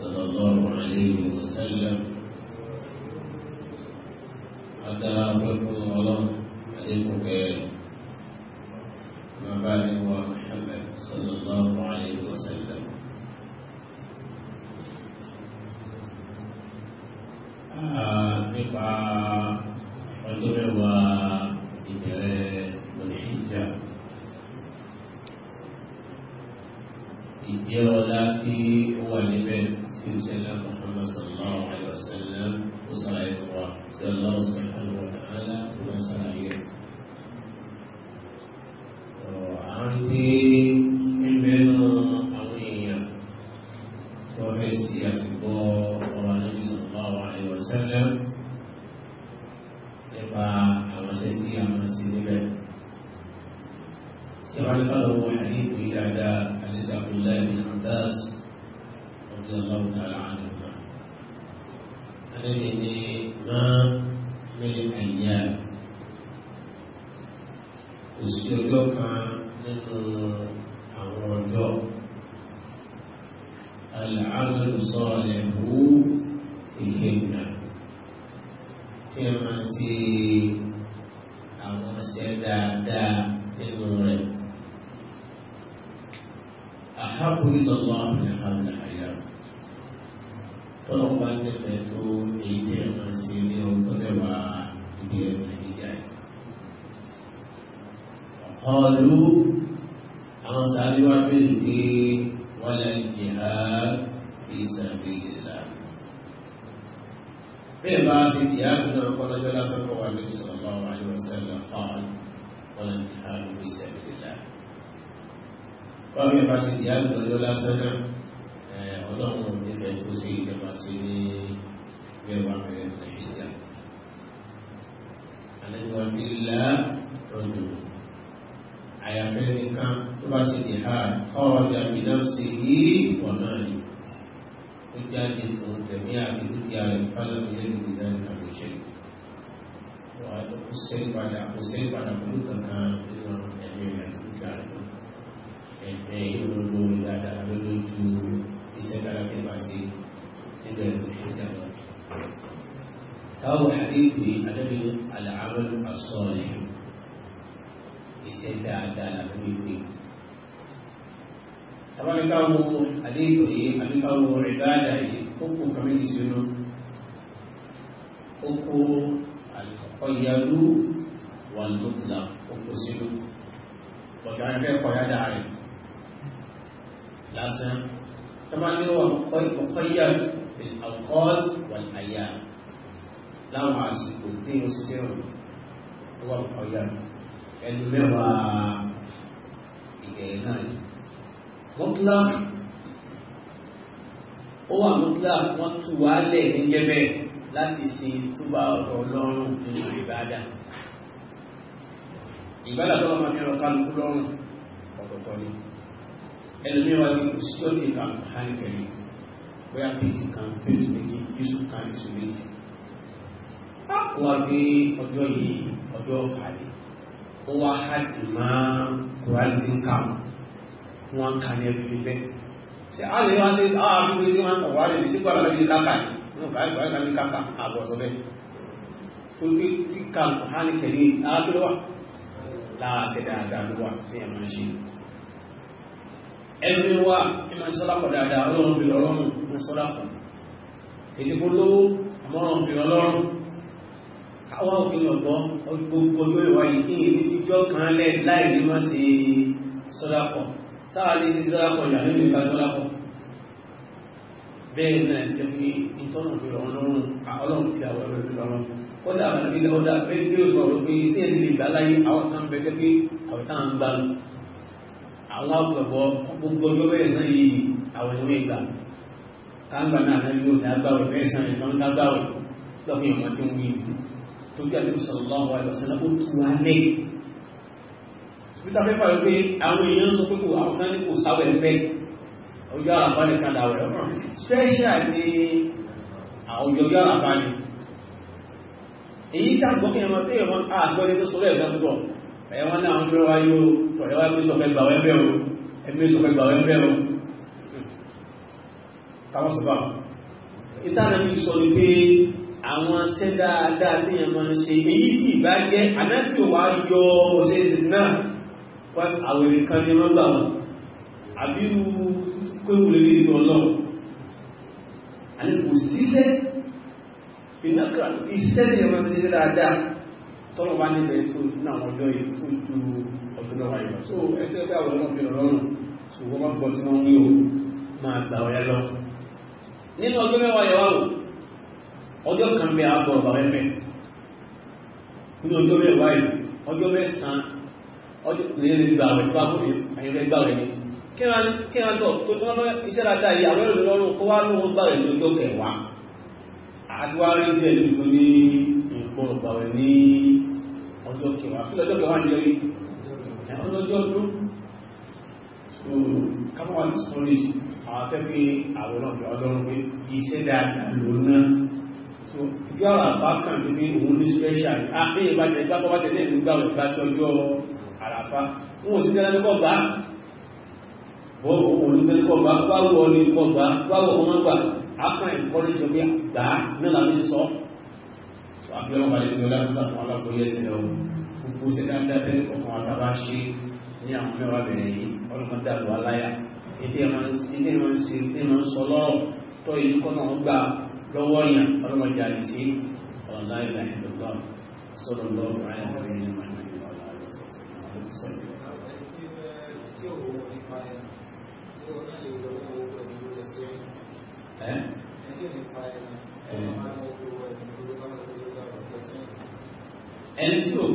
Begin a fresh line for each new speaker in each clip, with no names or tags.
صلى الله عليه وسلم حتى أبلغكم الله عليكم ما بعد هو محمد صلى الله عليه وسلم nípa ọdún mẹ́wàá ìbẹ̀rẹ̀ olùṣíjà ìdí ọlá tí ó wà níbẹ̀. سيدنا محمد صلى الله عليه وسلم وصلى الله سأل الله سبحانه وتعالى وصلى عليه وعندي من أيام وسيرجوك من أعوانجو العمل الصالح فيهن كما سي أو سيدا دا نور أحب إلى الله من هذا الحياة طلب قالوا أما سألي وعبيرك ولا الجهاد في سبيل الله في سيديان من قال جل النبي صلى الله عليه وسلم قال ولا الجهاد في سبيل الله وبما سيديان من جل سبحانه ọlọ́run ní fẹ́ tó sí ìjọba sí ní mẹ́wàá الله. nàìjíríà. Àlejò àyàfẹ́ nìkan tó bá ṣe lè ha ọ̀ọ́dà ìdánsì yìí wọ̀ náà ni ó jáde tó tẹ̀mí àti dúkìá rẹ̀ fálọ́mì lẹ́nu ìdáni àmìṣẹ́ wà á tó kó sẹ́yìn padà kó sẹ́yìn padà pẹ̀lú kankan nínú ẹ̀mí rẹ̀ àti dúkìá rẹ̀ ẹ̀mí ìrọ̀lọ́ ìdáadáa lójú iṣẹ́ dára kí n bá ṣe nílẹ̀ ìjà lọ. táwọn àdéhùn àdébí àlàáfẹ́ àsọ̀rọ̀ iṣẹ́ dáadáa làwọn ìpè tàbáníkáwó àdéhùn yìí àbíkáwó ìbáàdà yìí ó kó kàmí ìṣúná ó kó ọ̀yàlú wà lótìlá ó kó sínú ọ̀tà ẹgbẹ́ kọ̀yádà rẹ̀ lásán tàbáníkáwó ọ̀kọ̀yàlú الأوقات والأيام لا معصي كنتين وسيرون هو القيام ẹnu mẹ́wàá ìgbẹ̀yìn náà ni. mọ́tílá ó wà mọ́tílá wọ́n tú wá lẹ̀ ní jẹ́bẹ̀ láti ṣe tó bá ọlọ́run nínú ìbáadà. ìbáadà tó wọ́n máa fi ọ̀ká lókù lọ́rùn ọ̀tọ̀ọ̀tọ̀ ni. ẹnu mẹ́wàá ni kò sí tó ti kà á ní kẹ̀lé bóyá péjì kan péjì méjì yusuf kan yusuf méjì. wọ́n á gbé ọjọ́ yìí ọjọ́ kàlẹ́ ó wá hàdì máa kùránì tí ń kà wọ́n kà ní ẹbí bíbẹ́ ṣe á lè wá sí ààbí pé sí máa ń kọ̀wá lè sí gbọ́dọ̀ lórí lákà ní ọ̀gá ìgbà ìgbà ní kápá àbọ̀sọ bẹ́ẹ̀ tó gbé kíkà kùránì kẹ̀lé ààbí lọ́wọ́ láàṣẹ dáadáa ló wà tí ẹ máa ṣe ẹni wà ẹ máa sọ́lá pọ̀ dáadáa ọlọ́run fi lọ́rùn ń sọ́lá pọ̀ ètò ìpolówó àmọ́ràn fi lọ́rùn àwọn òfin ọ̀pọ̀ gbogbo ọjọ́ ìwà yìí ní èyí tí jọ kan lẹ̀ láì ní má ṣe sọ́dápọ̀ sáà lè ṣe sọ́dápọ̀ ìyà nínú ìka sọ́dápọ̀ bẹ́ẹ̀ náà ti fi ìtọ́nà fi rọ̀ lọ́rùn ọlọ́run fi àwọn ẹ̀rọ fi rọrùn kódà àwọn ilé ọdá pé bí ó sọ̀rọ̀ pé sí ẹ̀sìn lè gbà láyé àwọn kan bẹ gẹ́gẹ́ àwọn táwọn ń gbà lọ àwọn akọ̀bọ̀ gbogbo ọjọ́ bẹ́ẹ̀ sàn yìí àwọn ìwé ìgbà káńgbà náà náà yóò dá gbà wẹ̀ bẹ́ẹ̀ sàn ìtọ́nà gbà wẹ̀ lọ́kùnrin ọmọ tí ń wí torí àlẹ́bí sallallahu alaihi wasallam ó tú wa lẹ́ spítàfẹ́fà yóò pé àwọn èèyàn sọ pé kò àwọn kan ní kò sáwẹ̀ ẹgbẹ́ ọjọ́ àràbá ní kan dáwẹ̀ ọ̀rọ̀ special ní ọjọ́ ọjọ́ àràbá ní èyí tá gbọ́ kí ẹran tí ẹran àgbọ́lé tó sọ́rọ̀ ẹ̀gbẹ́ tó ẹ̀wọ́n náà ń gbé wáyé o tọ̀rẹ́ wá gbé sọ̀fẹ́ o ẹgbẹ́ sọ̀fẹ́ o káwọn sọ ní pé àwọn ṣẹ́ dáadáa tí yẹn máa ń ṣe èyí tí ìbá jẹ́ anábì wà yọ ọ̀ṣẹ́ náà wá àwọn ìrìnkan ní wọ́n gbà wọn àbí kóyò lè rí ìgbọ̀n náà àní kò síṣẹ́ ìnáka iṣẹ́ ní ẹ̀mọ́ ṣiṣẹ́ dáadáa tọ́lọ̀ wá níbẹ̀ tó náà wọ́n jọ yìí so ẹjẹ́ bí àwọn ọlọ́pìn ọlọ́run so wọ́n bá gbọ́ tí wọ́n ń wí o máa gbà ọ̀yá lọ nínú ọdún mẹ́wàá yẹwàá ọjọ́ kan bẹ àbọ̀ ọ̀bàrẹ́ mẹ́ ní ọjọ́ bẹ́ẹ̀ wáyé ọjọ́ bẹ́ẹ̀ san ọjọ́ ìrìnlẹ̀ gbà rẹ̀ tó àbọ̀ gbà rẹ̀ ni kíra lọ tó tó lọ́wọ́ iṣẹ́ rata yìí àwọn èrò lọ́rùn kó wá lóhun gbà rẹ̀ ní ọjọ́ kẹwàá àti wá rí díẹ̀ ní tó ní nǹkan ọ̀gbà rẹ̀ ní ọjọ́ kẹwàá kí lọ́jọ́ kẹwàá ní ẹ̀rí ọjọ́ ọdún so pé iṣẹ́ dáadáa náà so bí àwọn àbá kàn ní pé òun ní special àbí ah, ìbàjẹ́ ìgbà kọ́wá tẹ̀lé ìlú gbà ìgbà tí ọjọ́ àràfá wọn ò sí tẹ́lẹ̀ ní kọ́gbà bọ́ òun ní tẹ́lẹ̀ kọ́gbà báwọ̀ ní kọ́gbà báwọ̀ ọmọ gbà akàn ìkọ́lé jọ pé gbà nílà ní sọ àbí ọmọ àlejò ọlá ń sàkóhàn alákòóyè sílẹ̀ o gbogbo sẹ́dá dábẹ́ ọkàn àtàbá ṣe ní àwọn mẹ́wàá bẹ̀rẹ̀ yìí ọlọ́mọdé àlọ́ aláyà ilé ẹ̀ máa ń sọ lọ́rọ̀ tọ́ ìlú kọ́nà ọgbà lọ́wọ́ yàn ọlọ́mọdé àdìsí ọ̀la ìlà ìdọ̀gbà sọ̀rọ̀ lọ́wọ́ rẹ̀ ọ̀rẹ́ ní màdàbí ọ̀la ẹni tí ò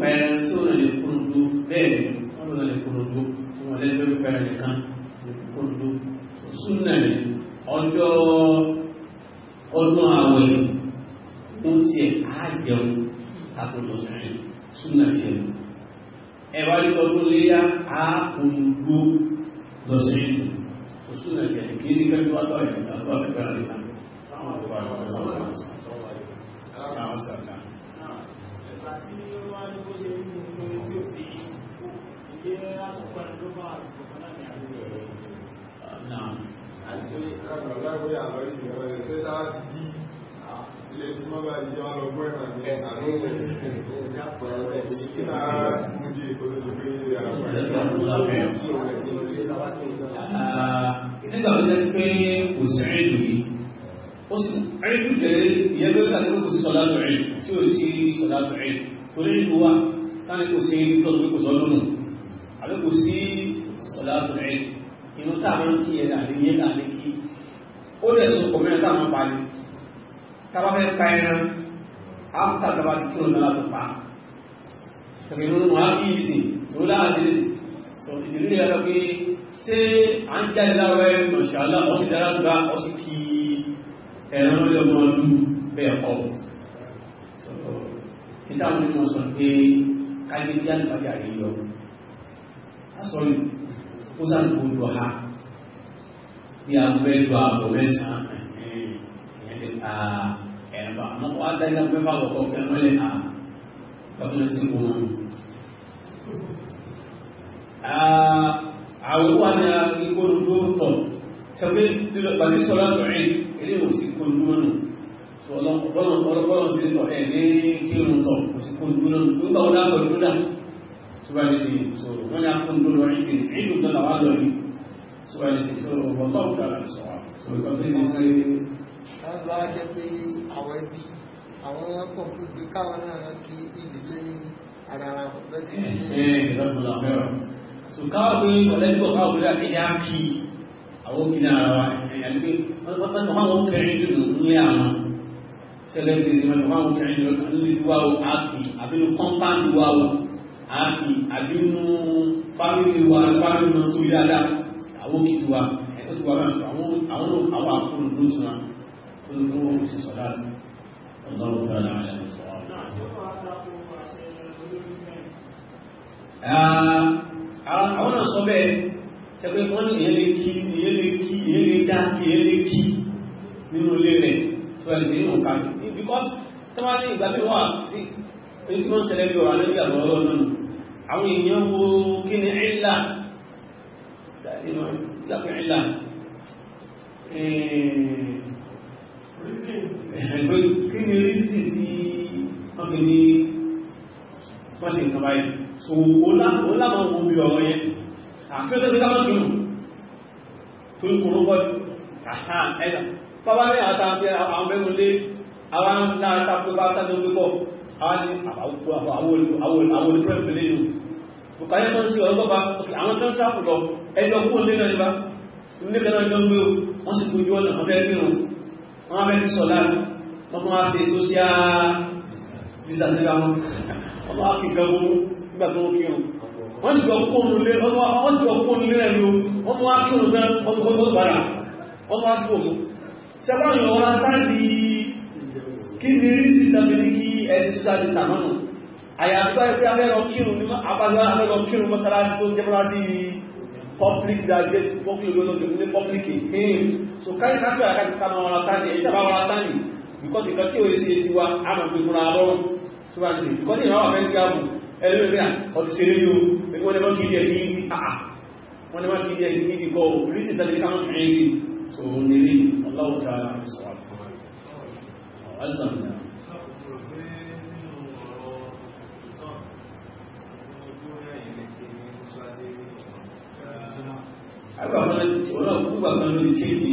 pẹ̀rẹ̀ sí òun lè kúrúdú bẹ́ẹ̀ ni wọ́n lè kúrúdú tí wọ́n lẹ́gbẹ̀ẹ́ pẹ̀rẹ̀ nìkan lè kúrúdú sùn náà ọjọ́ ọdún àwẹ̀ fún tiẹ̀ àjẹun àtọ̀tọ̀ sẹ́yìn súnà tiẹ̀ ẹ̀wá ní ọdún léyà á olùgbò lọ́sẹ̀yìn súnà tiẹ̀ kì í sí pẹ́ẹ́lú àtọ̀
bá ìjọ alọ́gbọ́n ẹ̀nà ní Nígbà tó jẹ́
pé kò sí ẹ̀lú yìí, ó sì ẹ̀lú jẹ́ ìyẹ́ ló tàbí kò sí sọ́lá tó ẹ̀lú tí ó sí sọ́lá tó ẹ̀lú. Torí ìlú wa, táni kò sí lọ́dún kò sọ́lọ́nù, àbí kò sí sọ́lá tó ẹ̀lú. Inú táàmù kí ẹ̀dà ní tàbá fẹ́ ka ẹran áfíkà tàbá kí òun náà tó pa ṣàkè ló wọn á kí yìí sìn òun láwọn ti sìn sọ ìdílé rẹ lọ pé ṣé à ń jáde láwẹ mọṣàlá ọsì dára tó bá ọsì kí ẹran lórí ọmọ ọdún bẹ́ẹ̀ kọ nígbà wọn ni àmọ́ wọ́n á dájọ́ pé báwo kọ́ fẹ́ mọ́lẹ̀ à lọ́kùnrin sí wọn. àwọn wà ní ìkóni tó tọ̀ sẹ́fẹ́ pàdé sọ́lá tọ̀rẹ́ ilé ò sí kóni tó nù ọlọ́pọ̀lọ́ sí tọ̀ ẹ̀ ní kírun tọ̀ kò sí kóni tó nù nígbà wọn náà pẹ̀lú náà tó bá ní sí sọ̀rọ̀ wọn ní akóni tó lọ́rin ìlú tó làwọn lọ́rin tó bá ní sí sọ̀rọ̀
ọ̀pọ̀lọ́ lọ á jẹ́ pé àwọn ẹbí àwọn kọ̀ǹpútù káwọn náà kí ìdílé ara ara wọn bẹ́ẹ̀ ti rí. ẹ ẹ lọ́dún la fẹ́ràn.
sọ káwọn pé ọ̀lẹ́gbọ̀n káwọn pé akéde á kí àwọn òkìlẹ̀ ara wa ẹ̀yà ní pé wọ́n tọ́ máa wọ́n kẹrin nínú nílé àwọn ṣẹlẹ̀ ti ṣe máa wọ́n kẹrin nínú nílé tí wàá wọ́n á kì àbínú kọ́ńpáàdì wàá wọ́n á kì àbínú fámìlì wa fámìlì náà tó yára àwọn òkìtì wa ẹ̀ tó ti wà láti àwọn àwọn àkókò ló ń sọ náà. كلهم في صلاة والله تعالى على الصواب àwọn ọ̀sọ́ bẹ́ẹ̀ tẹ́gbẹ́ wọ́n ní èyẹ́ lè kí èyẹ́ lè kí èyẹ́ lè dá èyẹ́ lè kí nínú ilé rẹ̀ tí wọ́n lè ṣe nínú kan ní because tí wọ́n ní ìgbà mẹ́wàá sí èyí tí wọ́n ṣẹlẹ̀ bí ọ̀rọ̀ lórí àwọn ọ̀rọ̀ náà àwọn èèyàn wo kí ni ẹ̀là ìlàpẹ̀ ẹ̀là so ó láwọn omi ọ̀rọ̀ yẹn àfẹ́lẹ́lẹ́ ká mọ́kí mù tó ń kúrò bọ́ àhá ẹ̀dà bàbá rẹ̀ àtàkì àwọn mẹ́múlé àwọn alátakò bá tàbí púpọ̀ àwọn olùpẹ̀lẹ̀ nù bùkáyẹ́ tó ń sí ọlọ́gbà àwọn tó ń sáàpù lọ ẹjọ́ kúrò lé náà nípa nígbà náà jọ gbé wọ́n sì gbójú ọ̀nà ọ̀fẹ́ mìíràn wọ́n á mẹ́rin sọ̀lá wọ́n tún wá sí social disaster nígbà tó ń kírun wọ́n ti
jọ kóòrùn lé wọ́n ti jọ kóòrùn lé ẹ̀lú wọ́n tó wá kírun náà wọ́n tó tó bára wọ́n tó wá sí òmù sẹ́wọ́n yọ wọ́n sáàdì kí ni rí sí tàbí
ní kí ẹ̀sì tó sáàdì tàmánù àyàgbá ẹgbẹ́ abẹ́rọ kírun ní abájọ́ abẹ́rọ kírun mọ́sálásí tó jẹ́bọ́lá sí public dàgbé public olóògbé ní public ìpín so káyí káfíà káfí kánà wọn látàní èyí tàbá wọn látàní because ìkan tí ó yẹ sí etí wa á mọ̀ pé fúnra lọ́rùn tó bá ti ìkan ní ìrànwọ́ fẹ́ sí ààbò ẹlẹ́rìnà ọdí ṣe rí o wọ́n ni wọ́n kìí jẹ́ ní àà wọ́n ni wọ́n kìí jẹ́ ní ìdíkọ́ orísì tàbí káwọn tún rí so ní rí ọláwọ̀ta sọ àfihàn ọ̀hásàmìnà agbàkan ló ti ṣe ní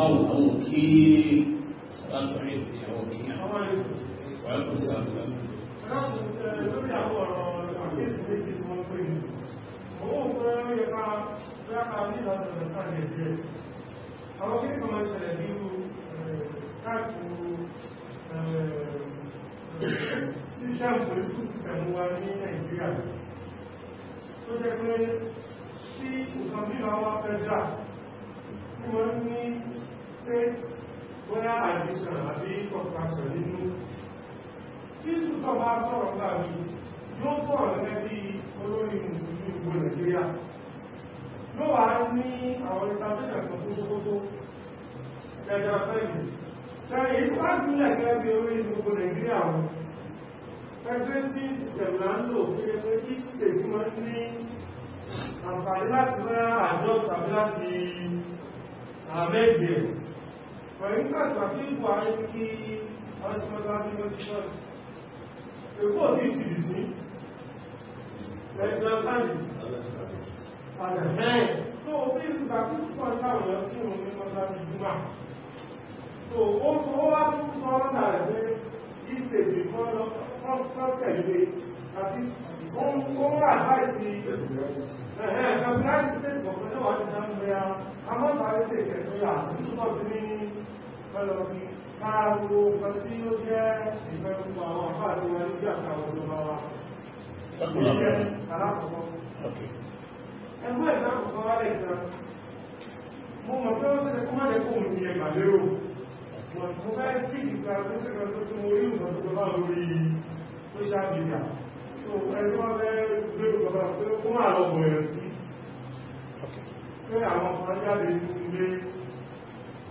àwọn àwọn kí
sọ́látọ̀ rí àwọn kí àwọn ẹ̀kọ́ sáàtọ̀
lórí àwọn ọ̀rọ̀ àkíyèsí méjì tí wọ́n pè ní owó fún ẹrú ẹ̀ká lápá nílò ọ̀dọ̀ sáàlẹ̀ díẹ̀ àwọn kí nǹkan máa ṣẹlẹ̀ bí irú káàkiri sísẹ́mù pẹ̀lú sísẹ́mù wa ní nàìjíríà tó jẹ́ pé tí nǹkan bí wọ́n pé bóyá àdìsàn àbí kọ̀pàṣẹ̀ nínú tí ìtùtọ̀ bá sọ̀rọ̀ láàrí yóò pọ̀ lẹ́gbẹ́ bí olórí mùsùlùmí ìgbò Nàìjíríà ló wà ní àwọn ìtàbíṣàn tó tó tó tó ẹjọ́ fẹ́yìn sẹ́yìn ìpájúlẹ̀ gẹ́gẹ́ bí orí ìgbò Nàìjíríà wọn ẹgbẹ́ tí ìtẹ̀lá ń lò pé kí state máa ń ní àǹfààní láti rẹ́ àjọ tàbí láti àmẹ́gbẹ̀ẹ́ Pẹ̀lúgbà tàbí Buhari kí wọ́n ti mọ́lá ní ọjọ́ ṣọ́ọ̀tì. Èkó sí ìsìdì sí, lẹ́gbẹ̀ẹ́ láàrín, àdàmẹ́ tó bí ìgbà tí púpọ̀ láwọn ẹ̀kùn ní mọ́lá ní Júmà. Tó ó wá tún sọ ọ́nà rẹ̀ pé ìsèdì kan lọ́pọ̀ tẹ̀lé àti ó ń wà láìsí ẹ̀ẹ̀kẹ́ kọ́lọ̀ fi káàrù kan tí ó jẹ́ ìfẹ́ gbogbo àwọn àfáàrí wa ní ìjàkà olùbá wa ìjẹ́ alákọ̀ọ́kọ́ ẹgbẹ́ ìsàkọ̀ọ́kọ́ wá lẹ́gbẹ́ mo mọ̀ pé ó tẹ́lẹ̀ kó má lẹ́kọ́ òun ti ẹgbà lérò mo fẹ́ sí ìgbà tó sẹ́gbà tó tún orí ìwọ̀n tó bá lórí social media tó ẹgbẹ́ wọn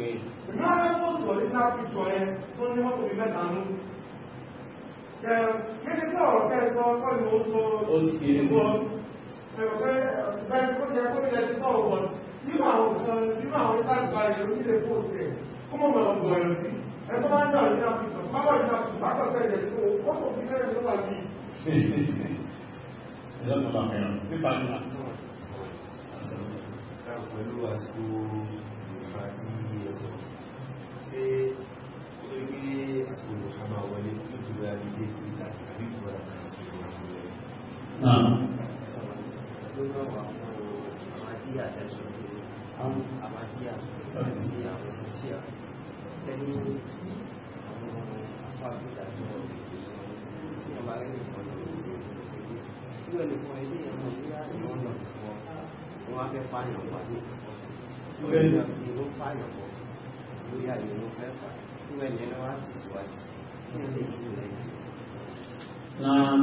Ìgbàlẹ́
fóòtù ọ̀lẹ́ tí a fi jọ ẹ tó ní mọ́tò bí mẹ́ta nú. Ṣẹ kéde pé ọ̀rọ̀ fẹ́ sọ kọ́ ni ó tó ìgbọ́. Ẹ̀rọ̀ pé bẹ́ẹ̀ kó jẹ kó nílẹ̀ tí sọ̀rọ̀ wọ̀ nínú àwọn kan nínú àwọn ìtàgbà rẹ̀ onílé fóòtù ẹ̀ kó mọ̀ mọ̀ ọ̀gbọ̀ ẹ̀rọ̀ sí. Ẹ tó bá ń dàrú ní àpìtàn, bá wà ní àpìtàn, bá kọ̀ sẹ́yẹ̀ tó kó tó fi fẹ́rẹ̀ ló wà yìí.
Ẹ̀jọ́ tó bá fẹ́ràn, pípa
ní àṣọ. Pẹ̀lú àsìkò nípa tí ẹ̀sọ̀ ṣe tó gbé àsìkò àmà wọlé ní ìjọba àbídé sí láti àbí ìjọba àsìkò àti rẹ̀.
Wọ́n á fẹ́ pààyàn wáyé. When you look fireable, we are you look effort. When you know what is what, you will be like. Now,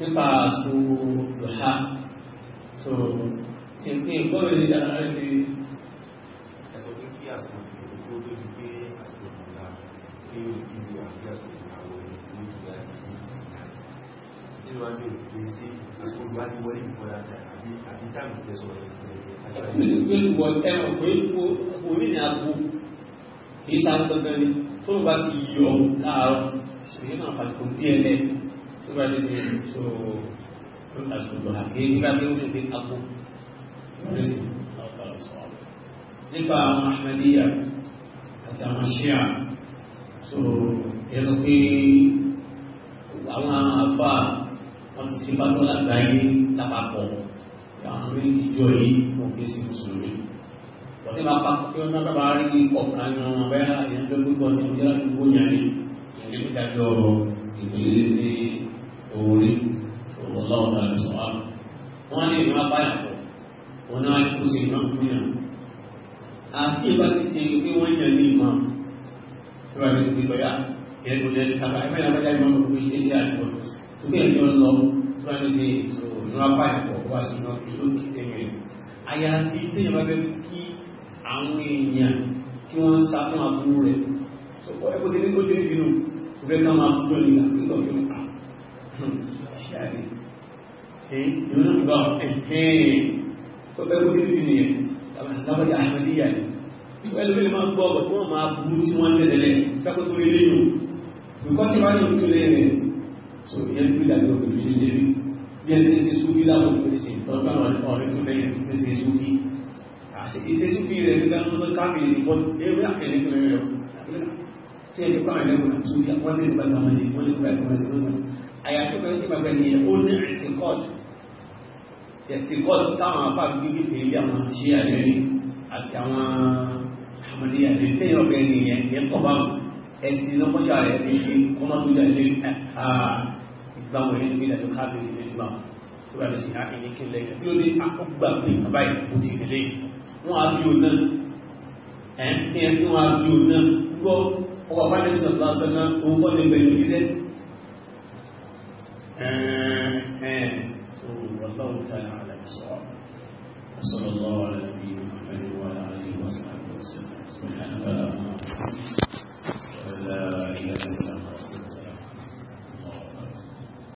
nípa àsìkò lọ́ha so nǹkan ìgbọ́n rẹ̀ nígbà rẹ̀ ti ẹ̀sọ̀ pé kí
àsìkò ìlú tó tó di pé àsìkò ìlà pé ó kí ní àbí àsìkò ìlà wọlé tó ń fi láti ní ìsìnkú nínú àbí òkè sí àsìkò ìgbà tí wọlé ìfọ́dá
àbí àbí táàmù tẹ́sọ̀ rẹ̀ ìlú pé wọ ẹ̀rọ pé orí ni àgbo kì í sáré dandan ni tó bá ti yọ láàárọ̀ ṣèyí náà pàtó díẹ̀ lẹ́ tó bá lè di tó tó àtúntò àgbé nígbà tí ó lè dé àgbo nípa àwọn ahmadiyya àti àwọn ṣíà tó ẹnu pé àwọn afá wọn ti ṣe bá tó lágbàáyé lápapọ̀ àwọn ìjọ yìí mo fi sí mùsùlùmí wọ́n ti máa pa kí wọ́n náà bá rí ọ̀kan ní wọn bẹ́ẹ̀ àyàn tó gbogbo ọdún ní láti gbóyàn ní ìdí ìdájọ́ ìgbélé ní orí ọlọ́run náà sọ wá. wọ́n lè máa bá yàtọ̀ wọn náà kó sí iná fún yàn. àti ìbá ti ṣe pé wọ́n yàn ní ìmọ̀ tí wọ́n fi ti ṣe ìtura bá yàtọ̀ wà sínú lókè tẹ̀yẹ̀ àyàfi tẹ̀yẹ̀ bá fẹ́ kí àwọn èèyàn kí wọ́n sá fún So, rẹ̀ sọ̀kọ́ ẹ̀kọ́ tẹ̀lé ó tẹ̀lé dínú kò Kau ká máa gbọ́ ní àkókò kí wọ́n kà ṣe àdé ìlú náà gbà ẹ̀hẹ́n tó fẹ́ kó tẹ̀lé dínú yẹn lábàjá àmàdíyà ni pẹ̀lú Kau mampu gbọ́ ọ̀pọ̀ wọ́n máa bú tí wọ́n lẹ́lẹ̀ kákòtò ilé yìí nǹkan tí wọ́n so yang gbé ìdájọ́ òkú ilé yìí bí ẹni ṣe súfí láwọn ìpèsè tọ́jú àwọn ọ̀rẹ́ tó lẹ́yìn tó ṣe súfí ìṣe súfí rẹ̀ nígbà tó tó káàkiri ní bọ́ọ̀lù ewé àkẹ́lẹ́ tó rẹ̀ tí ẹni kọ́ àwọn ẹlẹ́gbọ̀n tó yá wọ́n lè gbàgbà wọn sí wọ́n lè gbàgbà wọn sí lọ́sàn àyàfi pẹ̀lú tí bàbá ni ó ní ẹ̀sìnkọ́ọ̀tù ẹ̀sìnkọ́ọ̀tù táwọn afá gbígbé fèlè àwọn ṣe àlẹ́rí àti àwọn àmàlẹ́ àlẹ́rí tẹ́yìn ọ̀bẹ nìyẹn yẹn kọ̀ báwọn ẹ̀sìn lọ́kọ́ṣà rẹ̀ ẹ̀sìn kọ́mọ́tò jáde báwọn ilé ìgbé ìdájọ́ káàkiri ilé ìgbà tó bá lè ṣe àkè ní kí lẹ́yìn bí ó lè àkọ́gbà pé bàbá ìkó ti rẹ̀ lẹ́yìn wọ́n á bí o náà ẹ̀ ní á bí o náà gbọ́ ọkọ̀ bá lẹ́yìn sọ̀tọ̀ lásán náà òun kọ́ lè bẹ̀rẹ̀ ìṣẹ́ ẹ̀ tó الله على نبينا